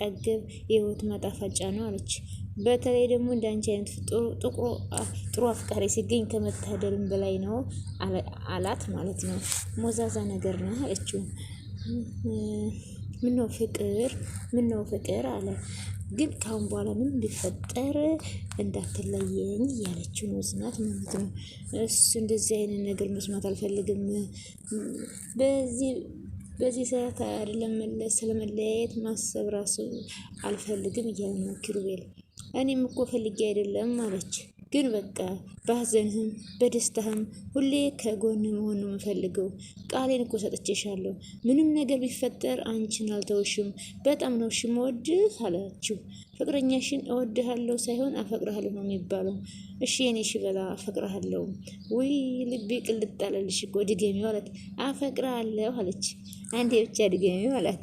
የሚጠግብ የህይወት ማጣፈጫ ነው አለች። በተለይ ደግሞ እንዳንቺ አይነት ጥሩ አፍቃሪ ሲገኝ ከመታደልም በላይ ነው አላት ማለት ነው። ሞዛዛ ነገር ነው አለችው። ምነው ፍቅር ምነው ፍቅር አለ። ግን ካሁን በኋላ ምን ቢፈጠር እንዳትለየኝ እያለችው ነው ጽናት ማለት ነው። እሱ እንደዚህ አይነት ነገር መስማት አልፈልግም በዚህ በዚህ ሰዓት አይደለም ስለመለያየት ማሰብ ራሱ አልፈልግም እያለ ነው ኪሩቤል። እኔም እኮ ፈልጌ አይደለም አለች። ግን በቃ በሀዘንህም በደስታህም ሁሌ ከጎን መሆን ነው የምፈልገው። ቃሌን እኮ ሰጥቼሻለሁ። ምንም ነገር ቢፈጠር አንቺን አልተውሽም። በጣም ነው እሺ የምወድህ አላችሁ። ፍቅረኛሽን እወድሃለሁ ሳይሆን አፈቅረሃለሁ ነው የሚባለው። እሺ የኔ ሽበላ አፈቅረሃለሁ። ውይ ልቤ ቅልጥ አለልሽ እኮ ድገሚ ማለት አፈቅርሃለሁ አለች። አንዴ ብቻ ድገሚ ማለት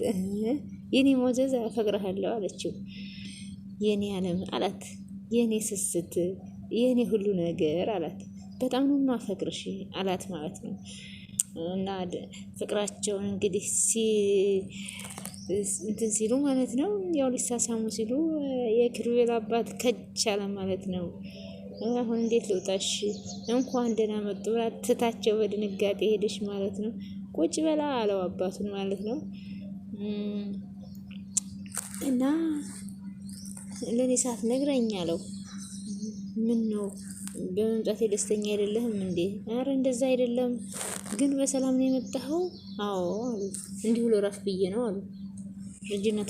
የኔ ሞዘዝ አፈቅረሃለሁ አለችው። የኔ አለም አላት የኔ ስስት የእኔ ሁሉ ነገር አላት። በጣም ነው የማፈቅርሽ አላት ማለት ነው። እና ፍቅራቸውን እንግዲህ እንትን ሲሉ ማለት ነው ያው ሊሳሳሙ ሲሉ የኪሩቤል አባት ከች አለ ማለት ነው። አሁን እንዴት ልውጣሽ? እንኳን ደህና መጡ ብላ ትታቸው በድንጋጤ ሄደሽ ማለት ነው። ቁጭ በላ አለው አባቱን ማለት ነው። እና ለእኔ ሰዓት ነግረኝ አለው ምን ነው በመምጣት ደስተኛ አይደለህም እንዴ? አረ እንደዛ አይደለም ግን በሰላም ነው የመጣኸው? አዎ አሉ። እንዲሁ ለራፍ ብዬ ነው አሉ።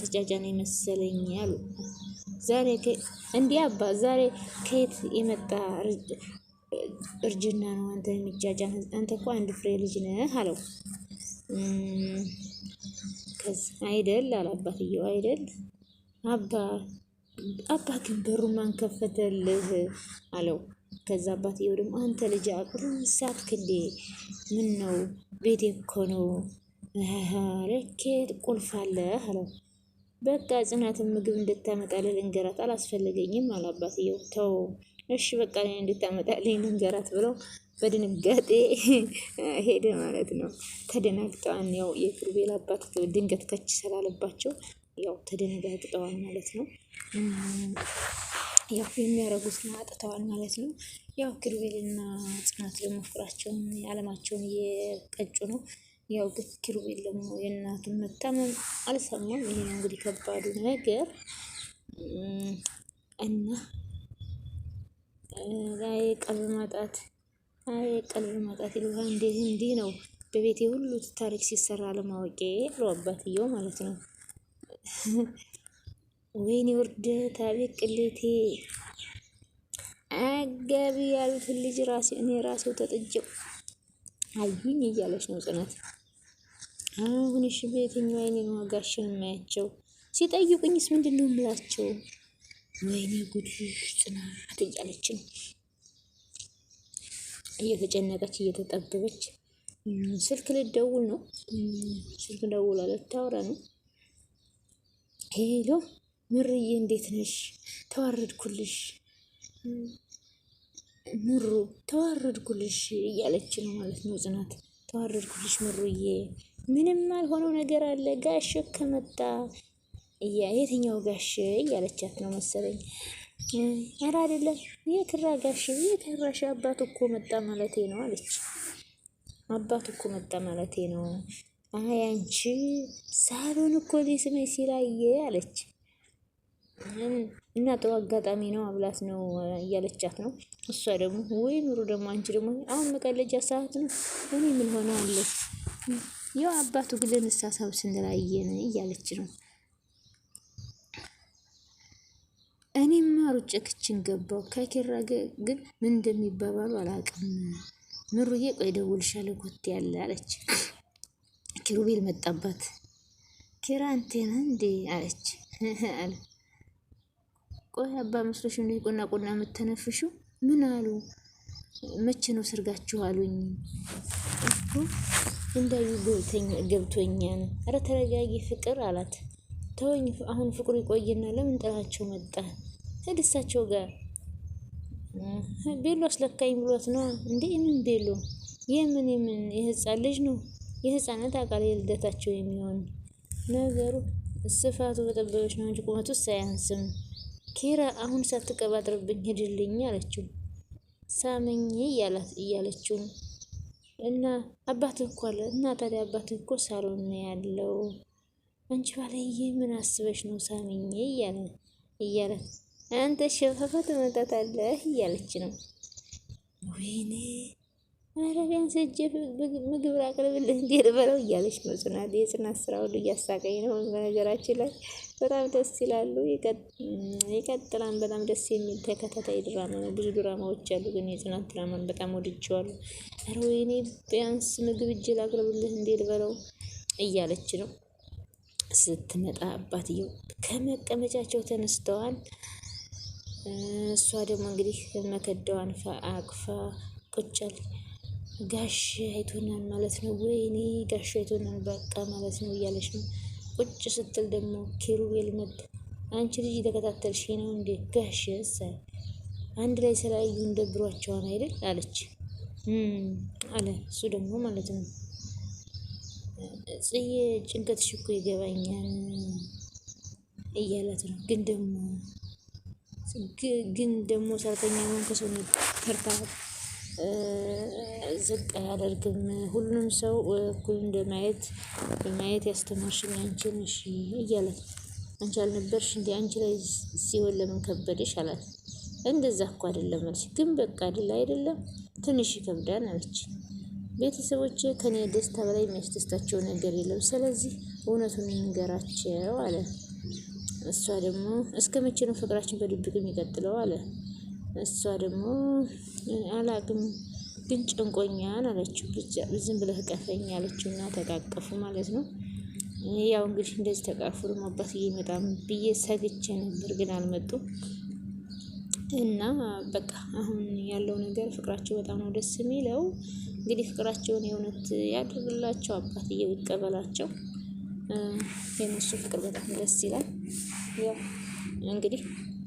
ተጫጫ ነው መሰለኝ አሉ። ዛሬ እንዲህ አባ ዛሬ ከየት የመጣ እርጅና ነው አንተ የሚጫጫን? አንተ እኮ አንድ ፍሬ ልጅ ነህ አለው። አይደል አለ አባትየው። አይደል አባ አባ ግን በሩ ማን ከፈተልህ አለው። ከዛ አባትየው ደግሞ አንተ ልጅ አቅሩን ሳትክሌ ምን ነው ቤት እኮ ነው ልኬት ቁልፍ አለህ አለው። በቃ ጽናትን ምግብ እንድታመጣልህ እንገራት አላስፈለገኝም አለ አባትየው። ተው እሺ በቃ እኔ እንድታመጣልኝ እንገራት ብለው በድንጋጤ ሄደ ማለት ነው። ተደናግጠዋን ያው የክርቤል አባት ድንገት ከች ስላለባቸው ያው ተደነጋግጠዋል ማለት ነው። ያው የሚያረጉትን አጥተዋል ማለት ነው። ያው ኪሩቤልና ጽናት ደግሞ ፍቅራቸውን አለማቸውን እየቀጩ ነው። ያው ኪሩቤል ደግሞ የእናቱን መታመም አልሰማም። ይሄ ነው እንግዲህ ከባዱ ነገር እና ላይ ቀልብ ማጣት አይ ቀልብ ማጣት ይሉሃል። እንዲህ እንዲህ ነው በቤቴ ሁሉ ታሪክ ሲሰራ ለማወቄ አሉ አባትየው ማለት ነው። ወይኔ ውርደት! አቤት ቅሌቴ! አጋቢ ያሉትን ልጅ ራሴ እኔ ራሴው ተጥጀው አዩኝ እያለች ነው ጽናት። አሁን እሺ በየትኛው አይኔ ነው ጋሽን የማያቸው? ሲጠይቁኝስ ምንድን ነው የምላቸው? ወይኔ ጉድ ጽናት እያለች ነው እየተጨነቀች እየተጠበበች። ስልክ ልደውል ነው ስልክ ደውላ ልታወራ ነው ሄሎ ምርዬ፣ እንዴት ነሽ? ተዋረድኩልሽ ምሩ፣ ተዋረድኩልሽ እያለች ነው ማለት ነው ጽናት። ተዋረድኩልሽ ምሩዬ፣ ምንም አልሆነው ነገር አለ ጋሽ ከመጣ የትኛው ጋሽ እያለቻት ነው መሰለኝ። ኧረ አይደለም የክራ ጋሽ የክራሽ አባት እኮ መጣ ማለቴ ነው አለች። አባት እኮ መጣ ማለቴ ነው አይ አንቺ ሳሎን እኮ ስሜ ሲራዬ አለች። እና ጥሩ አጋጣሚ ነው አብላት ነው እያለቻት ነው። እሷ ደግሞ ወይ ኑሮ ደግሞ አንቺ ደግሞ አሁን መቀለጃ ሰዓት ነው እኔ ምን ሆነ አለ ያው አባቱ ግለን እሳሳብ ስንላየን እያለች ነው። እኔማ ሩጬ ክችን ገባው ከኪራ ግን ምን እንደሚባባሉ አላውቅም። ምሩዬ ቆይ ደውልሻለሁ ኮቴ ያለ አለች። ኪሩቤል መጣባት። ኪራ አንቴና እንዴ አለች አለ። ቆይ አባ መስሎሽ እንዴ ቁና ቁና የምተነፍሹ? ምን አሉ? መቼ ነው ሰርጋችሁ አሉኝ እኮ እንዳዩ ነው። አረ ተረጋጊ ፍቅር አላት። ተወኝ አሁን ፍቅሩ ይቆይና ለምን ጥላቸው መጣ እድሳቸው ጋር ቤሎ አስለካኝ ብሏት ነዋ። እንዴ ምን ቤሎ የምን የምን የህፃን ልጅ ነው የህፃናት አካል የልደታቸው የሚሆን ነገሩ ስፋቱ በጠበበች ነው እንጂ ቁመቱ ሳያንስም። ኬራ አሁን ሳትቀባጥርብኝ ሄድልኝ አለችው። ሳመኝ እያለችው እና አባት እኮ አለ እና ታዲያ አባት እኮ ሳሎን ያለው። አንቺ ባለዬ ምን አስበሽ ነው ሳመኝ እያለ እያለ አንተ ሸፋፋ ትመጣታለህ እያለች ነው ወይኔ ኧረ ቢያንስ እጄ ምግብ ላቅርብልህ እንዴ ልበለው እያለች ነው ጽናት። የጽናት ስራ ሁሉ እያሳቀኝ ነው። በነገራችን ላይ በጣም ደስ ይላሉ። ይቀጥላል። በጣም ደስ የሚል ተከታታይ ድራማ ነው። ብዙ ድራማዎች አሉ፣ ግን የጽናት ድራማን በጣም ወድጀዋለሁ። ኧረ ወይኔ ቢያንስ ምግብ እጄ ላቅርብልህ እንዴት በለው እያለች ነው። ስትመጣ አባትየው ከመቀመጫቸው ተነስተዋል። እሷ ደግሞ እንግዲህ መከዳዋን አቅፋ ቁጭ አለች። ጋሽ አይቶናል ማለት ነው። ወይኔ ጋሽ አይቶናል በቃ ማለት ነው እያለች ነው። ቁጭ ስትል ደግሞ ኪሩቤል መድ አንቺ ልጅ የተከታተልሽ ነው እንዴ? ጋሽ እሰይ አንድ ላይ ስላዩ እንደብሯቸዋን አይደል አለች አለ እሱ ደግሞ ማለት ነው። ጽዬ ጭንቀት ሽኮ ይገባኛል እያላት ነው። ግን ደግሞ ግን ደግሞ ሰራተኛ ሆን ከሰው ተርታ ዝቅ አያደርግም። ሁሉም ሰው እኩል እንደማየት በማየት ያስተማርሽኝ አንቺን እሺ እያላት አንቺ አልነበርሽ እንዲ አንቺ ላይ ሲሆን ለምን ከበደሽ አላት። እንደዛ እኮ አይደለም አለች። ግን በቃ አይደለ አይደለም ትንሽ ይከብዳን አለች። ቤተሰቦች ከኔ ደስታ በላይ የሚያስደስታቸው ነገር የለም። ስለዚህ እውነቱን እንገራቸው አለ። እሷ ደግሞ እስከ መቼ ነው ፍቅራችን በድብቅ የሚቀጥለው አለ። እሷ ደግሞ አላቅም ግን ጨንቆኛን አለችው። ዝም ብለህ ቀፈኝ አለችው እና ተቃቀፉ ማለት ነው። ያው እንግዲህ እንደዚህ ተቃፉ። ደግሞ አባትዬ በጣም ብዬ ሰግቼ ነበር፣ ግን አልመጡም እና በቃ አሁን ያለው ነገር ፍቅራቸው በጣም ነው ደስ የሚለው። እንግዲህ ፍቅራቸውን የእውነት ያድርግላቸው፣ አባትዬ ይቀበላቸው። የነሱ ፍቅር በጣም ደስ ይላል። ያው እንግዲህ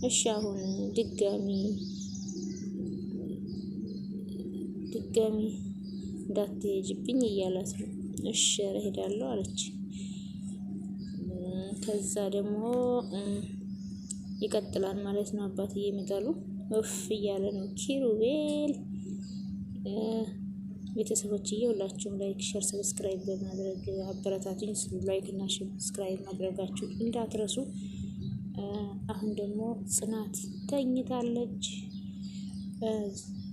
እሺ አሁን ድጋሚ ድጋሚ እንዳትሄጅብኝ እያላት ነው። እሺ ኧረ እሄዳለሁ አለች። ከዛ ደግሞ ይቀጥላል ማለት ነው። አባትዬ የሚጠሉ ውፍ እያለ ነው ኪሩቤል። ቤተሰቦችዬ ሁላችሁም ላይክ፣ ሸር፣ ሰብስክራይብ በማድረግ አበረታቱኝ። ላይክ እና ሰብስክራይብ ማድረጋችሁ እንዳትረሱ። አሁን ደግሞ ጽናት ተኝታለች።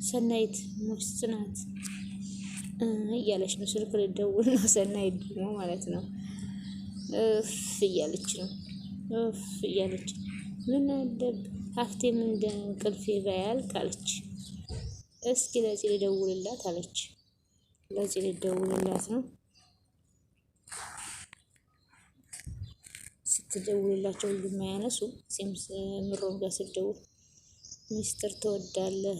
ሰናይት ሞች ጽናት እያለች ነው። ስልክ ልደውል ነው። ሰናይት ደግሞ ማለት ነው እፍ እያለች ነው። እፍ እያለች ምን አለብ ሀፍቴም እንደ እንቅልፌ ባያልቅ አለች። እስኪ ለጽ ልደውልላት አለች። ለጽ ልደውልላት ነው ስደውልላቸው ሁሉም አያነሱም። ሲምስ ምሮም ጋር ስደውል ሚስጥር ትወዳለህ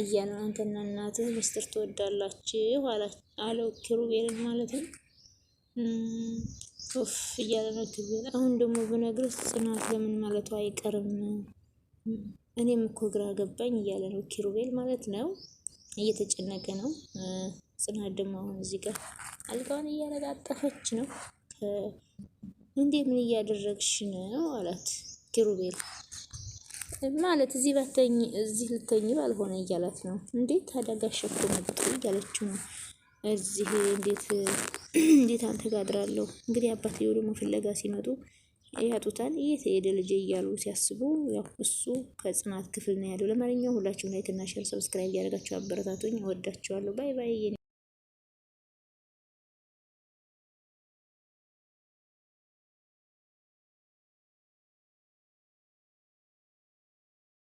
እያለ አንተና እናትህ ሚስጥር ትወዳላችሁ አለው ኪሩቤልን ማለት ነው። ኡፍ እያለ ነው ኪሩቤል። አሁን ደግሞ ብነግርህ ጽናት ለምን ማለቱ አይቀርም እኔም እኮ ግራ ገባኝ እያለ ነው ኪሩቤል ማለት ነው። እየተጨነቀ ነው። ጽናት ደግሞ አሁን እዚህ ጋር አልጋውን እያረጋጠፈች ነው። እንዴ ምን እያደረግሽ ነው አላት ኪሩቤል ማለት እዚህ በተኝ እዚህ ልተኝ ባልሆነ እያላት ነው። እንዴት አደጋ ሸኮ መጡ እያለችው ነው። እዚህ እንዴት እንዴት አንተ ጋድራለሁ እንግዲህ አባትየው ደግሞ ፍለጋ ሲመጡ ያጡታል። የት ሄደ ልጅ እያሉ ሲያስቡ ያው እሱ ከጽናት ክፍል ነው ያለው። ለማንኛውም ሁላችሁም ላይክ እና ሼር፣ ሰብስክራይብ እያደረጋችሁ አበረታቱኝ። እወዳችኋለሁ። ባይ ባይ።